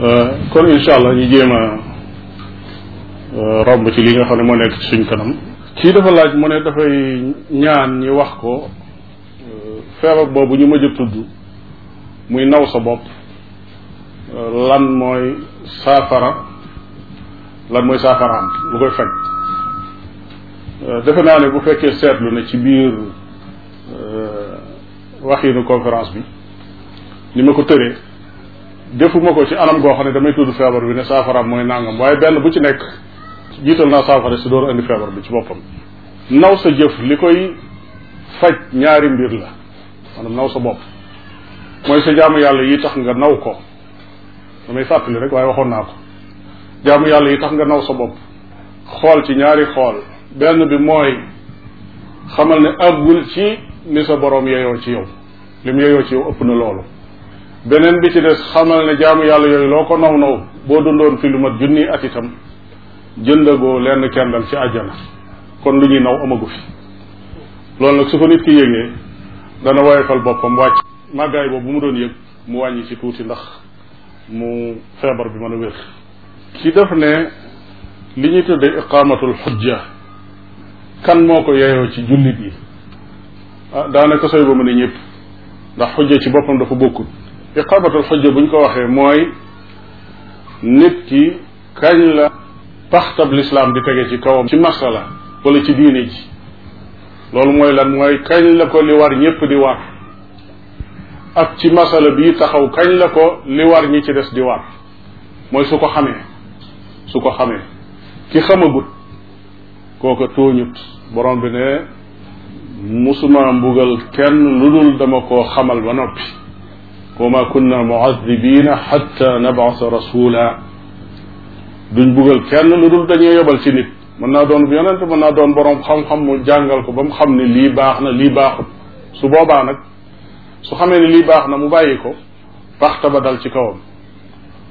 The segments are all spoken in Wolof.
Euh, kon incha allah ñu jéem a euh, romb ci li nga xam ne moo nekk suñ kanam. kii dafa laaj mu ne dafay ñaan ñi wax ko euh, feebar boobu ñu mën a tudd muy naw sa bopp lan mooy saafara lan mooy saafaraam lu koy faj defe naa ne bu fekkee seetlu ne ci biir waxinu conférence bi ni ma ko tëree. defuma ko ci anam goo xam ne damay tudd feebar bi ne saafaraam mooy nangam waaye benn bu ci nekk jiital naa saafara si door indi feebar bi ci boppam naw sa jëf li koy faj ñaari mbir la maanaam naw sa bopp mooy sa jaamu yàlla yi tax nga naw ko damay fàttali rek waaye waxoon naa ko yàlla yi tax nga naw sa bopp xool ci ñaari xool benn bi mooy xamal ne àggul ci ni sa boroom yeyoo ci yow li mu yeyoo ci yow ëpp na loolu beneen bi ci des xamal ne jaamu yàlla yooyu loo ko naw naw boo dundoon fi lu mat junni at itam jëndagoo lenn kenn kendal ci àjjana kon lu ñuy naw amagu fi loolu nag su ko nit ki yëgee dana woyofal boppam wàcc màggaay boobu ma doon yëg mu wàññi ci tuuti ndax mu feebar bi mën a wér ci def ne li ñuy tuddee iqaamatul xujja kan moo ko yeyoo ci jullit yi ah daanaka sooy ba mu ne ñëpp ndax xujja ci boppam dafa bokkut iqamatul xujja bu ñu ko waxee mooy nit ki kañ la paxtab lislaam di tege ci kawam ci masala wala ci diine ji loolu mooy lan mooy kañ la ko li war ñépp di war ak ci masala bi taxaw kañ la ko li war ñi ci des di war mooy su ko xamee su ko xamee ki xamagut kooka tooñut boroom bi ne mosuma mbugal kenn lu dul dama ko xamal ba noppi wa ma kunna muadibina xatta nabasa rasula duñ bugal kenn lu dul dañuy yobal ci nit mën naa doon bu yonent mën naa doon boroom xam-xam mu jàngal ko ba mu xam ne lii baax na lii baaxut su boobaa nag su xamee ne lii baax na mu bàyyi ko paxta ba dal ci kawam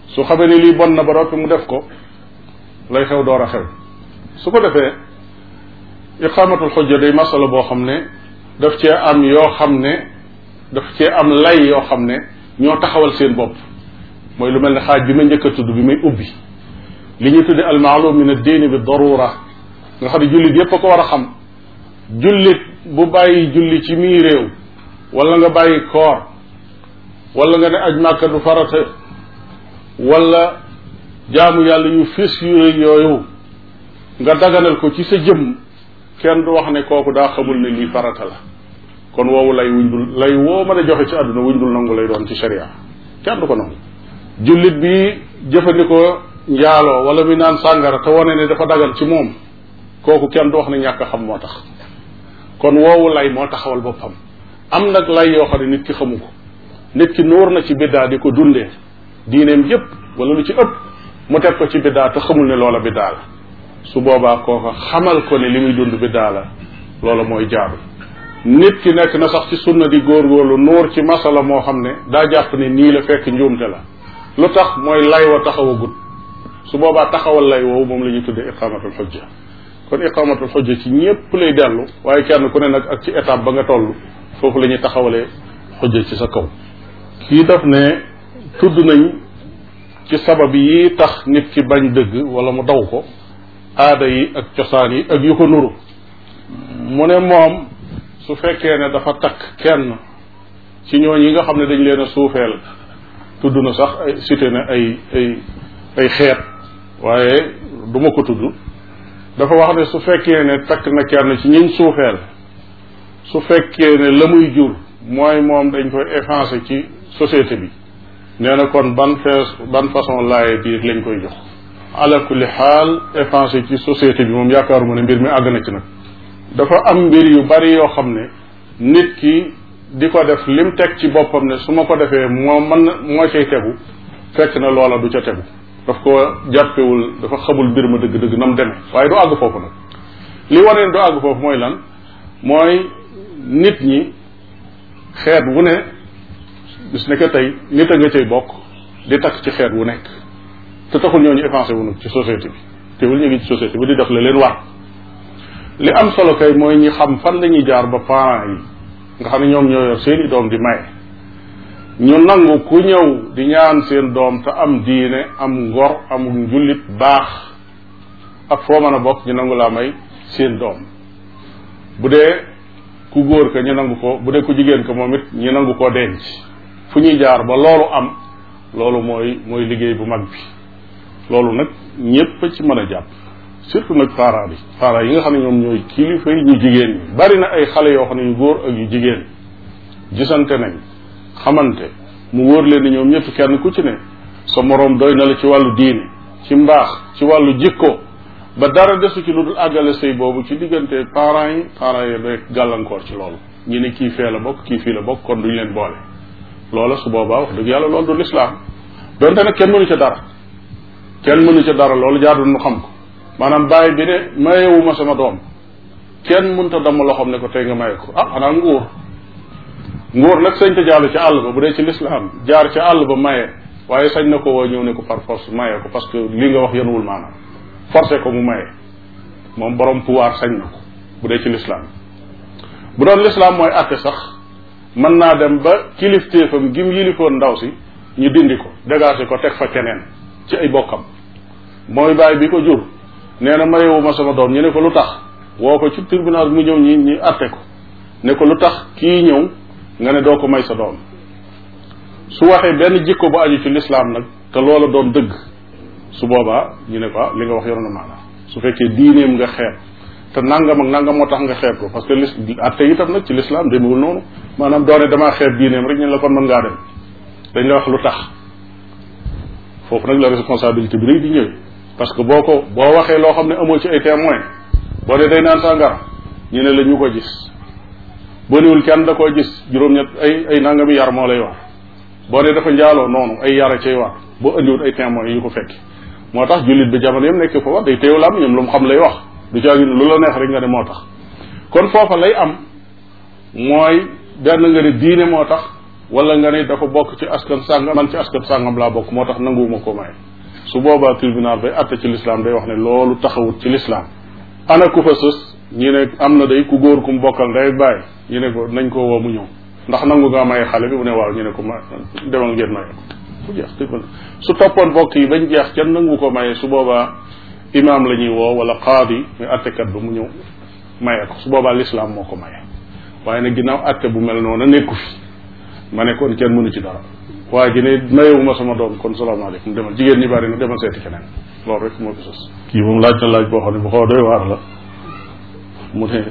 su xamee ne lii bon na ba mu def ko lay xew door a xew su ko defee iqaamatul xujja day masala boo xam ne daf cee am yoo xam ne daf cee am lay yoo xam ne ñoo taxawal seen bopp mooy lu mel ne xaaj bi ma njëkk a tudd bi may ubbi li ñuy tudde almaalum min addiini bi darura nga xam ne jullit yépp ko war a xam jullit bu bàyyi julli ci mii réew wala nga bàyyi koor wala nga ne aj màkka du farata wala jaamu yàlla yu fis yu yooyu nga daganal ko ci sa jëmm kenn du wax ne kooku daa xamul ne lii farata la kon woowu lay wuñ dul lay woo mën a joxe ci àdduna wuñ dul nangu lay doon ci sharia kenn du ko noonu jullit bi jëfandikoo njaaloo wala mi naan sàngara te wane ne dafa dagal ci moom kooku kenn du wax ne ñàkk a xam moo tax kon woowu lay moo taxawal boppam am nag lay yoo xam ne nit ki xamu ko nit ki nuur na ci biddaa di ko dundee diineem yépp wala lu ci ëpp mu teg ko ci biddaa te xamul ne loola biddaa la su boobaa kooka xamal ko ne li muy dund biddaa la loola mooy jaarul nit ki nekk na sax ci sunna di góor lu nuur ci masala moo xam ne daa jàpp ne nii la fekk njuumte la lu tax mooy lay wa taxawagut su boobaa taxawal lay wow moom lañuy ñuy tuddee iqamatul xujja kon iqamatul xujja ci ñépp lay dellu waaye kenn ku ne nag ak ci étape ba nga toll foofu lañuy ñuy taxawalee xujja ci sa kaw kii def ne tudd nañ ci sabab yi tax nit ki bañ dëgg wala mu daw ko aada yi ak cosaan yi ak yu ko nuru mu ne moom su fekkee ne dafa takk kenn ci ñooñu yi nga xam ne dañ leen a suufeel tudd na sax ay cité na ay ay ay xeet waaye du ma ko tudd dafa wax ne su fekkee ne takk na kenn ci ñun suufeel su fekkee ne la muy jur mooy moom dañ koy effacer ci société bi nee na kon ban fees ban façon laaye biir lañ koy jox ala kulli xaal effacer ci société bi moom yaakaaruma ne mbir mi àgg na ci nag dafa am mbir yu bari yoo xam ne nit ki di ko def lim teg ci boppam ne su ma ko defee moo mën moo cay tegu fekk na loola du ca tegu daf ko jàppewul dafa xamul mbir ma dëgg-dëgg nam mu waaye du àgg foofu nag li wareen du àgg foofu mooy lan mooy nit ñi xeet wu ne gis ne que tey nit a nga cay bokk di takk ci xeet wu nekk te taxul ñooñu avancé wunu ci société bi teewul ñu ngi ci société bi di def la leen waa li am solo kay mooy ñi xam fan lañuy jaar ba parents yi nga xam ne ñoom ñoo yor seeni doom di maye ñu nangu ku ñëw di ñaan seen doom te am diine am ngor amul njullit baax ak foo mën a bokk ñu nangu laa may seen doom bu dee ku góor ka ñu nangu ko bu dee ku jigéen ka moom it ñu nangu koo denc fu ñuy jaar ba loolu am loolu mooy mooy liggéey bu mag bi loolu nag ñépp ci mën a jàpp surtout nag parents bi parents yi nga xam ne ñoom ñooy kilifa yi ñu jigéen ñi bari na ay xale yoo xam ne yu góor ak yu jigéen gisante nañ xamante mu wóor leen ni ñoom ñëpp kenn ku ci ne sa moroom doy na la ci wàllu diine ci mbaax ci wàllu jikko ba dara desu ci lu dul àggale sëy boobu ci diggante parents yi parents yi rek gàllankoor ci loolu ñu ne kii fee la bokk kii fii la bokk kon duñ leen boole loola su boobaa wax dëgg yàlla loolu du lislaam donte nag kenn mënu ca dara kenn mënu ca dara loolu jaadul nu xam ko maanaam baay bi ne mayewuma sama doom kenn mënta damm loxoom ne ko tey nga maye ko ah xanaa nguur nguur nag sañ jàll ci àll ba bu dee ci lislaam jaar ci àll ba maye waaye sañ na ko woo ñëw ne ko par force maye ko parce que lii nga wax yenuwul maanaam forcé ko mu maye moom borom pouvoir sañ na ko bu dee ci lislaam bu doon lislaam mooy àtte sax mën naa dem ba kilifteefam gim yilifoon ndaw si ñu dindi ko dégagé ko teg fa keneen ci ay bokk mooy baay bi ko jur nee na mayewuma sama doom ñu ne ko lu tax woo ko ci tribunal mu ñëw ñi ñi atte ko ne ko lu tax kii ñëw nga ne doo ko may sa doom su waxee benn jikko bu aju ci lislaam nag te loola doon dëgg su boobaa ñu ne ko ah li nga wax yor na su fekkee diineem nga xeeb te nangam ak nangam moo tax nga xeeb ko parce que lis atte itam nag ci lislaam demewul noonu maanaam doone damaa xeeb diineem rek ñu la kon mën ngaa dem dañ la wax lu tax foofu nag la responsabilité bi rëy di ñëwee parce que boo ko boo waxee loo xam ne amoo ci ay témoin boo ne day naan sàngara ñu ne la ñu ko gis boo newul kenn da koo gis juróom-ñett ay ay nangami yar moo lay war boo ne dafa njaaloo noonu ay yara cay war boo indiwut ay témoin yu ko fekke moo tax jullit bi jamono yam nekk foofa day teew lam ñoom lu mu xam lay wax du caagi lu la neex rek nga ne moo tax kon foofa lay am mooy benn nga ne diine moo tax wala nga ne dafa bokk ci askan sàngam man ci askan laa bokk moo tax nanguwuma ko may su boobaa tribunal bay atte ci lislaam day wax ne loolu taxawut ci lislaam ana ku fa sës ñi ne am na day ku góor ku mu bokkal ndey bàyyi ñi ne ko nañ ko woo mu ñëw ndax nangu nga maye xale bi bu ne waaw ñu ne ko ma demal ngeen maye ko su toppoon bokk yi bañ jeex kenn nangu ko maye su boobaa imaam la ñuy woo wala qaadi muy attekat bi mu ñëw maye ko su boobaa lislaam moo ko maye waaye nag ginnaaw atte bu mel noonu nekku fi ma nekkoon kon kenn mënu ci dara waa ji ne mayewuma sama doom kon salaamaaleykum demal jigéen ñi bari na demal seeti keneen loolu rek moo ko sos kii moom laaj na laaj boo xam ne bu xaw doy waar la mu ne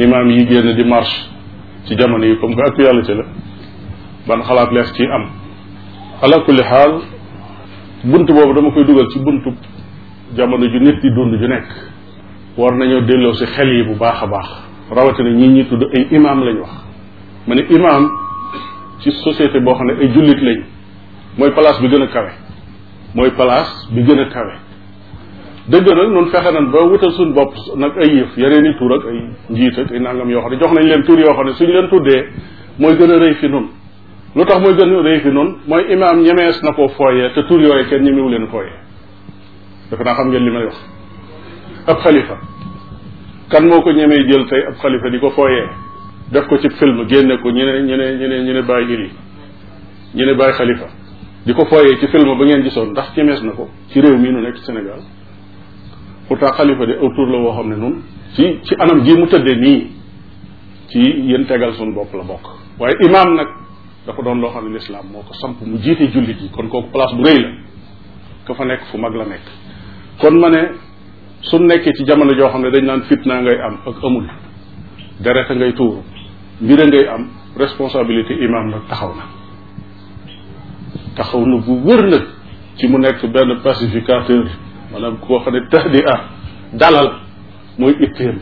imaam yi génn di marche ci jamono yi comme que ak yàlla ci la ban xalaat lees ci am ala kulli xaal bunt boobu dama koy dugal ci buntu jamono ju nit di dund ju nekk war nañoo delloo si xel yi bu baax a baax rawatina ñi ñi tudd ay imaam lañ wax ma ci société boo xam ne ay jullit lañ mooy place bi gën a kawe mooy place bi gën a kawe dëgg nag nun fexe nan ba wutal suñ bopp nag ay yëf yeneen i tur ak ay njiit ak ay nangam yoo xam ne jox nañ leen tur yoo xam ne suñ leen tuddee mooy gën a rëy fi nun lu tax mooy gën a rëy fi nun mooy imaam ñemees na ko fooyee te tur yooyu kenn ñemewu leen fooyee defe naa xam ngeen li may wax ab xalifa kan moo ko ñemee jël tey ab xalifa di ko fooyee def ko ci film génne ko ñu ne ñu ne ñu ne ñu ne bàyyi ili ñu bàyyi xalifa di ko fooyee ci film ba ngeen gisoon ndax ñemees na ko ci réew mii nu nekk ci Sénégal pourtant xalifa de autour la woo xam ne nun ci ci anam gii mu tëddee nii ci yéen tegal suñu bopp la bokk waaye imaam nag dafa doon loo xam ne lislaam moo ko samp mu jiite jullit yi kon kooku place bu rëy la ka fa nekk fu mag la nekk kon ma ne su nekkee ci jamono joo xam ne dañ naan fit naa ngay am ak amul dereta ngay tuuru mbira ngay am responsabilité imam nag taxaw na taxaw na bu wër nag ci mu nekk benn pacificateur maanaam koo xam ne tax di ah dalal mooy itteem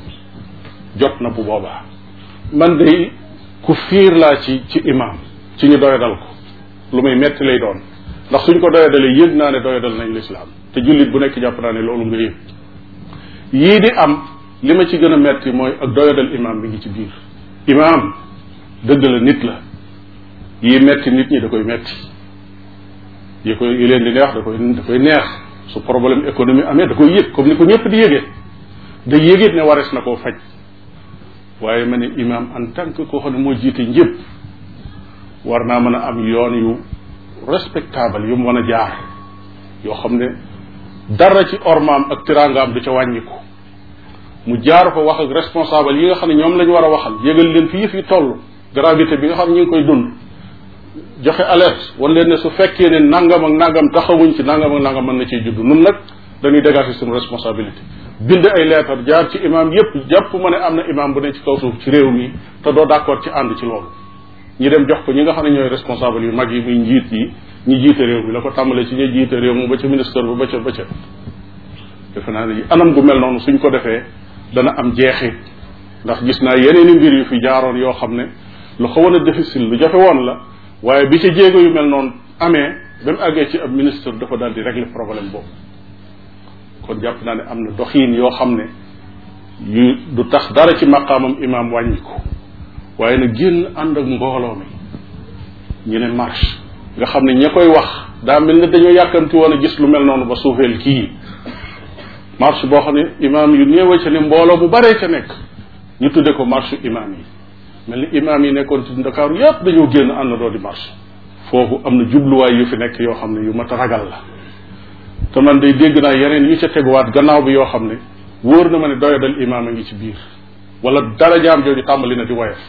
jot na bu boobaa man day ku fiir laa ci ci imam ci ñu doyadal ko lu muy metti lay doon ndax suñ ko doyadalee yëg naa ne doyadal nañ lislaam te jullit bu nekk jàpp naa ne loolu nga yëg yii di am li ma ci gën a metti mooy ak doyadal imam bi ngi ci biir imaam dëgg la nit la yi metti nit ñi da koy metti yi koy yi leen di neex da koy neex su problème économie amee da koy yëg comme ni ko ñëpp di yëgee da yëgit ne warees na koo faj waaye ma ne imaam en tant que xam ne moo jiite njëpp war naa mën a am yoon yu respectable yu mu a jaar yoo xam ne dara ci ormaam ak tiraangaam du ca wàññiku mu jaar ko wax ak responsable yi nga xam ne ñoom la ñu war a waxal yëgal leen fi yëf yi toll gravité bi nga xam ne ñu ngi koy dund joxe alerte wan leen ne su fekkee ne nangam ak nangam taxawuñ ci nangam ak nangam mën na ciy judd nun nag dañuy dégager suñu responsabilité bind ay leetar jaar ci imaam yépp jàpp ma ne am na imaam bu ne ci kaw ci réew mi te doo d'accord ci ànd ci loolu ñi dem jox ko ñi nga xam ne ñooy responsable yu mag yi muy njiit yi ñi jiite réew mi la ko tàmbale ci ñi jiite réew mi ba ca ministre ba ba ca ba defe naa ne anam gu mel noonu suñ ko defee dana am jeexit ndax gis naa yeneen yeneeni mbir yu fi jaaroon yoo xam ne lu xawoon a difficile lu jafe woon la waaye bi ci jéego yu mel noonu amee ba mu àggee ci ab ministre dafa dal di régler problème boobu kon jàpp naa ne am na doxiin yoo xam ne yu du tax dara ci maqaamam imaam wàññi ko waaye nag génn ànd ak mbooloo mi ñu ne marche nga xam ne ña koy wax daa mel ne dañoo yàkkamti woon a gis lu mel noonu ba suufeel kii marche boo xam ne imaam yu néew ca ne mbooloo bu baree ca nekk ñu tudde ko marche imaam yi mel ni imaam yi nekkoon ci Ndakaaru yépp dañoo génn ànd doo di marche foofu am na jubluwaay yu fi nekk yoo xam ne yu mat a ragal la te man de dégg naa yeneen yu ca teguwaat gannaaw bi yoo xam ne wóor na ma ne doyadal imaam a ngi ci biir wala darajaam jooju tàmbali na di woyof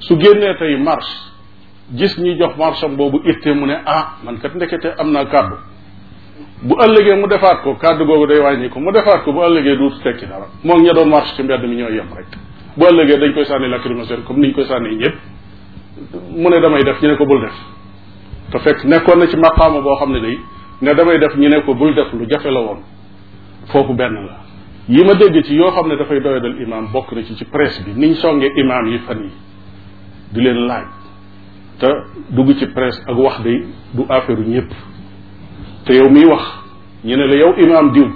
su génnee tey marche gis ñi jox marche am boobu ittee mu ne ah man kat ndekete am naa kàddu bu ëllëgee mu defaat ko kàddu googu day wàññi ko mu defaat ko bu ëllëgee du tekki dara moom ña doon marche ci mbedd mi ñooy yem rek bu ëllëgee dañ koy sànni lacrymogène comme ñu koy sànni ñëpp mu ne damay def ñu ne ko bul def fekk nekkoon na ci maqaama boo xam ne day ne damay def ñu ne ko bul def lu jafe la woon foofu benn la yi ma dégg ci yoo xam ne dafay doyadal imaam bokk na ci ci presse bi niñ songee imaam yi fan yi di leen laaj te dugg ci presse ak wax day du affaire ñëpp te yow miy wax ñu ne la yow imaam diw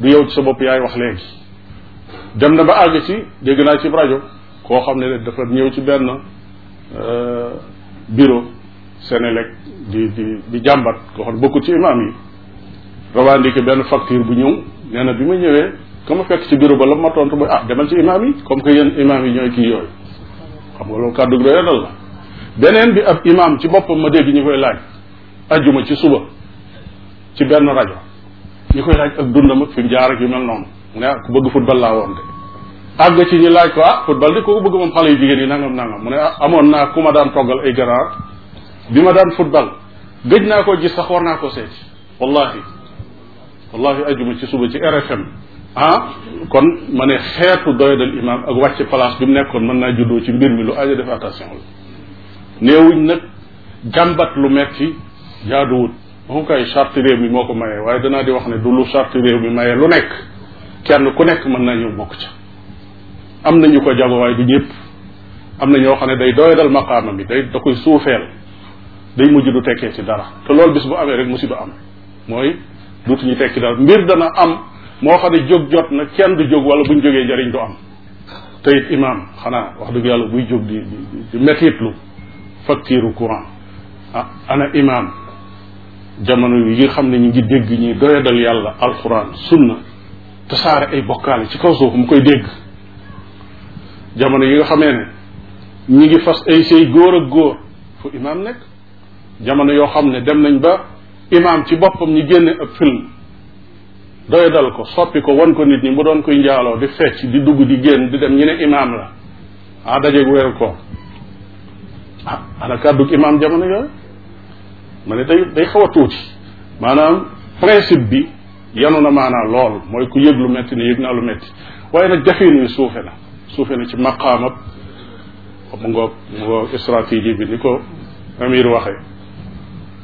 du yow ci sa bopp yaay wax léegi dem na ba àgg ci dégg naa ci rajo koo xam ne dafa ñëw ci benn euh, bureau Sénélec di di di jàmbat koo xam ne bokkul ci imaam yi revendiqué benn facture bu ñëw nee na bi ma ñëwee ka ma fekk ci bureau ba la ma tontu mooy ah demal ci imaam yi comme que yéen imaam yi ñooy kii yooyu xam nga loolu kàddu gi doy la beneen bi ab imaam ci boppam ma dégg ñu koy laaj ajjuma ci suba ci benn rajo ñu koy laaj ak dundam ak fi mu jaar ak yu mel noonu mu ne ah ku bëgg football laa woon de àgg ci ñu laaj ko ah football de kooku bëgg moom xale yu jigéen yi nangam nangam mu ne ah, amoon naa ku ma daan toggal ay ganaar bi ma daan football gëj naa ko gis sax war naa ko seeti wallahi wallahi ajuma ci suba ci RFM ah kon ma ne xeetu doyadal imaam ak wàcc place bi mu nekkoon mën naa juddoo ci mbir mi lu aja def attention la néewuñ nag jàmbat lu metti jaaduwut moom kay charte réew mi moo ko mayee waaye danaa di wax ne du lu charte réew mi mayee lu nekk kenn ku nekk mën na ñëw bokk ca am na ñu ko jago waaye du ñëpp am na ñoo xam ne day doyadal maqaama bi day da koy suufeel day mujj du tekkee ci dara te loolu bis bu amee rek musiba am mooy duutuñu tekki dara mbir dana am moo xam ne jóg jot na kenn du jóg wala buñ jógee njariñ du am te imaam xanaa wax dugg yàlla buy jóg di di métitlu facture courant ah ana imaam jamono yi nga xam ne ñu ngi dégg ñuy doyadal yàlla alquran sunna tasaare ay bokkaale ci kaw suuf mu koy dégg jamono yi nga xamee ne ñu ngi fas ay sëy góor ak góor fu imaam nekk jamono yoo xam ne dem nañ ba imaam ci boppam ñu génne ab film doyadal ko soppi ko wan ko nit ñi mu doon koy njaaloo di fecc di dugg di génn di dem ñu ne imaam la ah dajeeg weeru ko ah ana kàddug imaam jamono yooyu ma ne day day xaw a tuuti maanaam principe bi yenu na maanaa lool mooy ku yëg lu metti ne yëg naa lu metti waaye nag jafin wi suufe na suufe na ci maqaamab mu ngoog mu ngoog stratégie bi ni ko amir waxe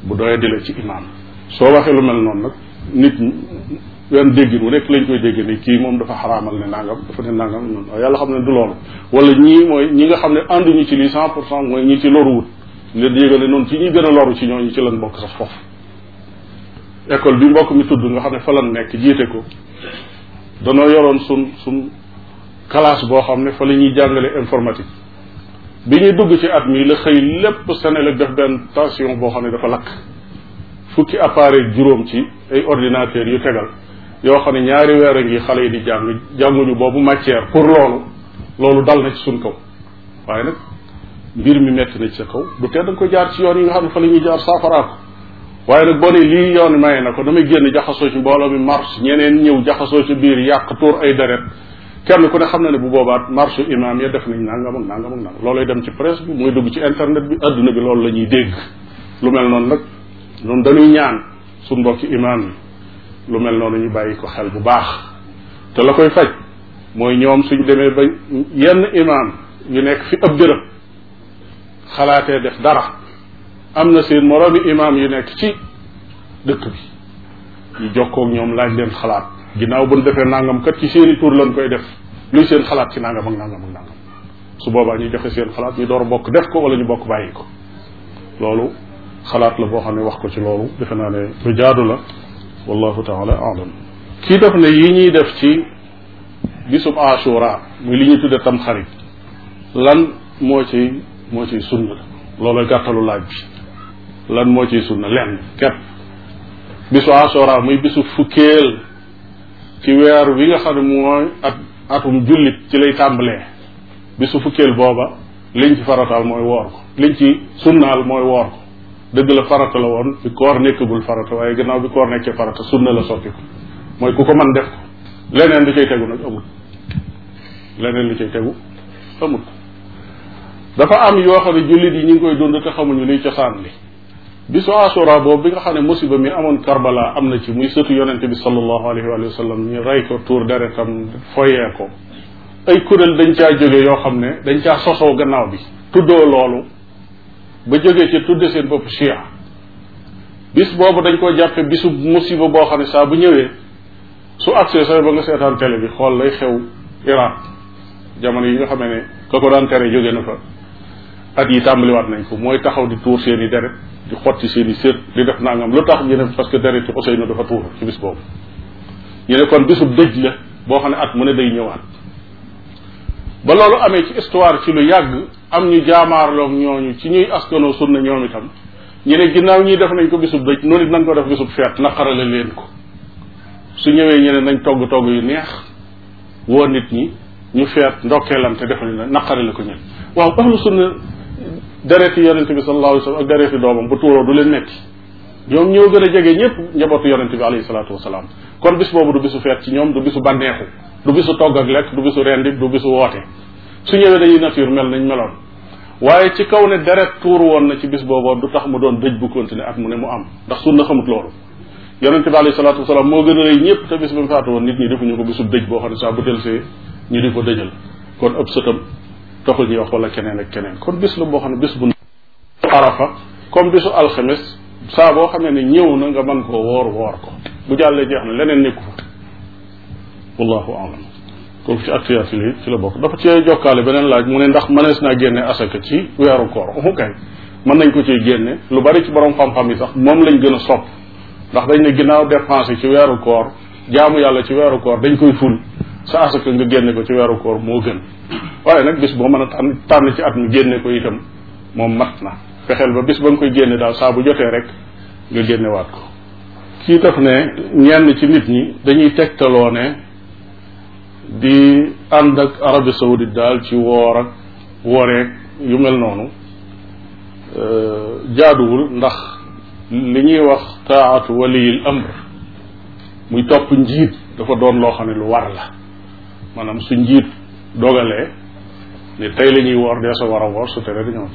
bu doya di la ci imaam soo waxee lu mel noonu nag nit wenn déggin wu nekk lañ koy dégg ne kii moom dafa xaraamal ne nangam dafa ne nangam noonu yàlla xam ne du loolu wala ñii mooy ñi nga xam ne ànduñu ci lii cent pour cent mooy ñi ci loru nga yëgale noonu ci ñuy gën a loru ci ñooñu ci lan bokk sax foofu école bi mbokk mi tudd nga xam ne fa lan nekk jiite ko danoo yoroon sun sun classe boo xam ne fa la ñuy jàngale informatique bi ñuy dugg ci at mi la xëy lépp Senelec def benn tension boo xam ne dafa lakk fukki appareil juróom ci ay ordinateur yu tegal yoo xam ne ñaari weer a ngi xale yi di jàng jànguñu boobu matière pour loolu loolu dal na ci suñ kaw waaye nag mbir mi metti nañ ci sa kaw bu tee da ko jaar ci yoon yi nga xam ne fa la ñuy jaar saafaraa ko waaye nag boo ne lii yoon maye na ko damay génn jaxasoo ci mbooloo bi marche ñeneen ñëw jaxasoo ci biir yàq tuur ay deret kenn ku ne xam na ne bu boobaat marche imaam ya def nañ nangam ak nangam ak nangam loolay dem ci presse bi muy dugg ci bi adduna bi loolu la ñuy dégg lu mel noonu nag noonu dañuy ñaan suñ mbokki imaam yi lu mel noonu ñu bàyyi ko xel bu baax te la koy faj mooy ñoom suñ demee ba yenn imaam yu nekk fi ab dërëm xalaatee def dara am na seen moroomi imaam yu nekk ci dëkk bi ñu jokkoog ñoom laaj leen xalaat ginnaaw bu ñu defee nangam kat ci seeni tur lañ koy def luy seen xalaat ci nangam ak nangam ak nangam su boobaa ñu joxe seen xalaat ñu door bokk def ko wala ñu bokk bàyyi ko loolu xalaat la boo xam ne wax ko ci loolu defe naa ne lu jaadu la wallahu taala alam kii def ne yi ñuy def ci bisub ashura muy li ñuy tudde tam xarit lan moo ci moo ciy sunna loolooy gàttalu laaj bi lan moo ciy sunna lenn képp bisu asora muy bisu fukkeel ci weer wi nga xam ne mooy at atum jullit ci lay tàmbalee bisu fukkeel booba liñ ci farataal mooy woor ko liñ ci sunnaal mooy woor ko dëgg la farata la woon bi koor nekkagul farata waaye gannaaw bi koor nekkee farata sunna la soppi ko mooy ku ko mën def ko leneen lu cay tegu nag amul leneen lu cay tegu amul dafa am yoo xam ne jullit yi ñu ngi koy dund te xamuñu liy cosaan li bi bisu asura boobu bi nga xam ne musiba mi amoon karbala am na ci muy sëtu yonente bi sallallahu alayhi wa sallam ñu rey ko tuur deretam foyee ko ay kuréel dañ caa jóge yoo xam ne dañ caa sosoo gannaaw bi tuddoo loolu ba jógee ci tudde seen bopp chia bis boobu dañ koo jàppe bisu musiba boo xam ne saa bu ñëwee su accès sax ba nga seetaan tele bi xool lay xew Irak jamono yi nga xamee ne ka ko daan na fa ak yi tàmbaliwaat nañ ko mooy taxaw di tuur seen i deret di xotti seen i sër di def nangam lu tax ñu ne parce que deret ci Ousseynou dafa tuur ci bis boobu ñu kon bisub dëj la boo xam ne at mu ne day ñëwaat ba loolu amee ci histoire ci lu yàgg am ñu jaamaarloog ñooñu ci ñuy askanoo sunna ñoom itam ñu ne ginnaaw ñii def nañ ko bisub dëj noonu it nañ ko def bisub feet naqarale leen ko su ñëwee ñeneen nañ togg togg yu neex woo nit ñi ñu feet ndokkeelante defal na naqarale ko ñen dereti yonent bi sallallahu alayhi wa sallam ak dereti doomam bu tuuroo du leen metti ñoom ñoo gën a jege ñëpp njabootu yonent bi alayhi salaatu wasalaam kon bis boobu du bisu feet ci ñoom du bisu bànneexu du bisu togg ak lekk du bisu rendi du bisu woote su ñëwee dañuy nature mel nañ meloon waaye ci kaw ne deret tuur woon na ci bis booboo du tax mu doon dëj bu continuer at mu ne mu am ndax sunna xamut loolu yonente bi alayhi salaatu wasalaam moo gën a rëy ñëpp te bis ba mu faatu woon nit ñi defuñu ko bisub dëj boo xam ne saa bu delsee ñu di ko dëjal kon ëpp sëtam taxul ñuy wax wala keneen ak keneen kon bis la boo xam ne bis bu arafa comme bisu alxames saa boo xamee ne ñëw na nga mën koo woor woor ko bu jàllee jeex na leneen nekku fa wallahu alam kon ci actualité li ci la bokk dafa ci jokkaale beneen laaj mu ne ndax mënees naa génne asaka ci weeru koor umu kay mën nañ ko ciy génne lu bari ci borom xam-xam yi sax moom lañ gën a sopp ndax dañ ne ginnaaw dépensé ci weeru koor jaamu yàlla ci weeru koor dañ koy ful sa asaka nga génne ko ci weeru koor moo gën waaye nag bis boo mën a tànn tànn ci at mi génne ko itam moom mat na fexeel ba bis ba nga koy génne daal saa bu jotee rek nga génnewaat ko kii daf ne ñenn ci nit ñi dañuy tegtaloo ne di ànd ak Arabie Saoudite daal ci woor ak wooreeg yu mel noonu euh, jaaduwul ndax li ñuy wax taatu waliyil amr muy topp njiit dafa doon loo xam ne lu war la maanaam su njiit dogalee ne tey la ñuy woor dee sa war a woor su tere dañoo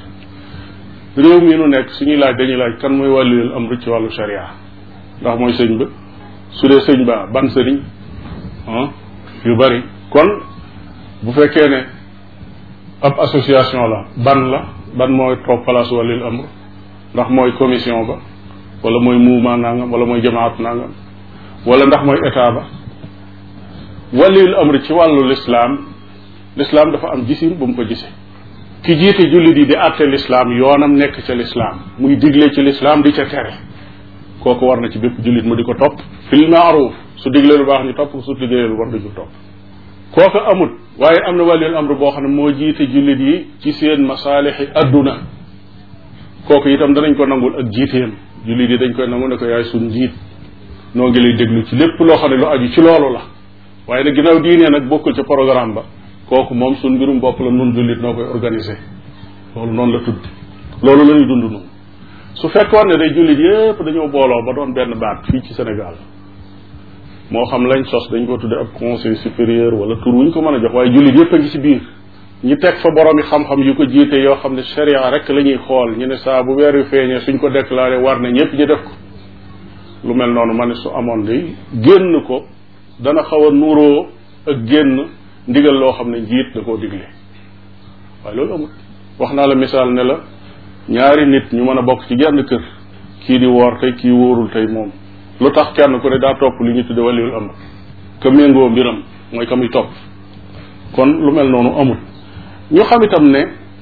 ci mi nu nekk suñuy laaj dañuy laaj kan mooy wàllul amru ci wàllu sharia ndax mooy sëñ ba su dee sëñ ba ban sëriñ yu bari kon bu fekkee ne ab association la ban la ban mooy toog place wàllul amru ndax mooy commission ba wala mooy mouvement nangam wala mooy jamaat nangam walla ndax mooy état ba waliyul amri ci wàllu lislaam lislaam dafa am gisin bu mu ko gisee ki jiite jullit yi di àtte lislaam yoonam nekk ca lislaam muy digle ci lislaam di ca tere kooku war na ci bépp jullit mu di ko topp fil maaruf su diglee lu baax ñu topp su diglee lu war duñu topp kooku amut waaye am na waliyul amri boo xam ne moo jiite jullit yi ci seen masaalixi adduna kooku itam danañ ko nangul ak jiiteem jullit yi dañ koy nangu ne ko yaay suñ njiit noo ngi ci lépp loo xam ne lu aju ci loolu la waaye nag ginnaaw diine nag bokkul ci programme ba kooku moom suñ mbirum bopp la nun jullit noo koy organiser loolu noonu la tudd loolu la ñuy dund noonu su fekkoon ne day jullit yépp dañoo booloo ba doon benn baat fii ci Sénégal moo xam lañ sos dañ ko tuddee ak conseil supérieur wala tur wuñ ko mën a jox waaye jullit yépp a ngi ci biir ñu teg fa boroom yi xam-xam yu ko jiitee yoo xam ne sharia rek la ñuy xool ñu ne saa bu weer yu feeñee suñ ko déclaré war na ñépp ñu def ko lu mel noonu ma ne su amoon day génn ko dana xaw a nuuroo ak génn ndigal loo xam ne njiit da koo digle waaye loolu amul wax naa la misaal ne la ñaari nit ñu mën a bokk ci genn kër kii di woor tey kii wóorul tey moom lu tax kenn ku ne daa topp li ñu tudde waliyul amr ka méngoo mbiram mooy ka muy topp kon lu mel noonu amul ñu xam itam ne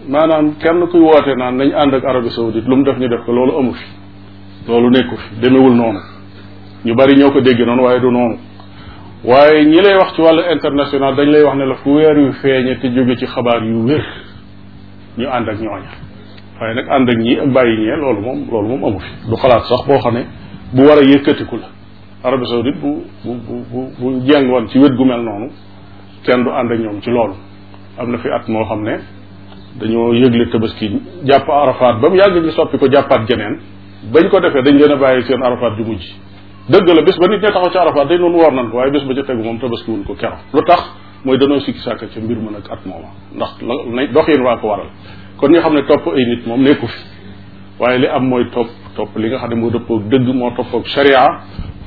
maanaam kenn kuy woote naan nañ ànd ak Arabie saoudite lu mu def ñu def ko loolu amu fi loolu nekku fi demewul noonu ñu bari ñoo ko dégg noonu waaye du noonu waaye ñi lay wax ci wàllu international dañ lay wax ne la fu weer yu feeñe te jóge ci xabaar yu wér ñu ànd ak ñooña waaye nag ànd ak ñii ak bàyyi ñee loolu moom loolu moom amu fi du xalaat sax boo xam ne bu war a yëkkatiku la Arabie Saoudite bu bu bu bu jeng woon ci wét gu mel noonu kenn du ànd ak ñoom ci loolu am na fi at moo xam ne dañoo yëgle tabaski jàpp arafaat ba mu yàgg ñu soppi ko jàppaat geneen bañ ko defee dañ leen a bàyyi seen arafaat ju mujj dëgg la bis ba nit ña taxaw ci arafaat day noonu war nañ ko waaye bis ba ca tegu moom tabaski wuñ ko kero lu tax mooy danoo sikki sàkk ca mbir mën ak at mooma ndax la doxin waa ko waral kon ñu xam ne topp ay nit moom nekku fi waaye li am mooy topp topp li nga xam ne moo dëppoog dëgg moo toppoog sharia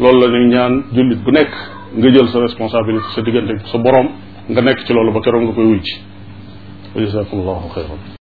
loolu la ñuy ñaan jullit bu nekk nga jël sa responsabilité sa diggante sa borom nga nekk ci loolu ba keroog nga koy wujj wa jazakumullahu xayran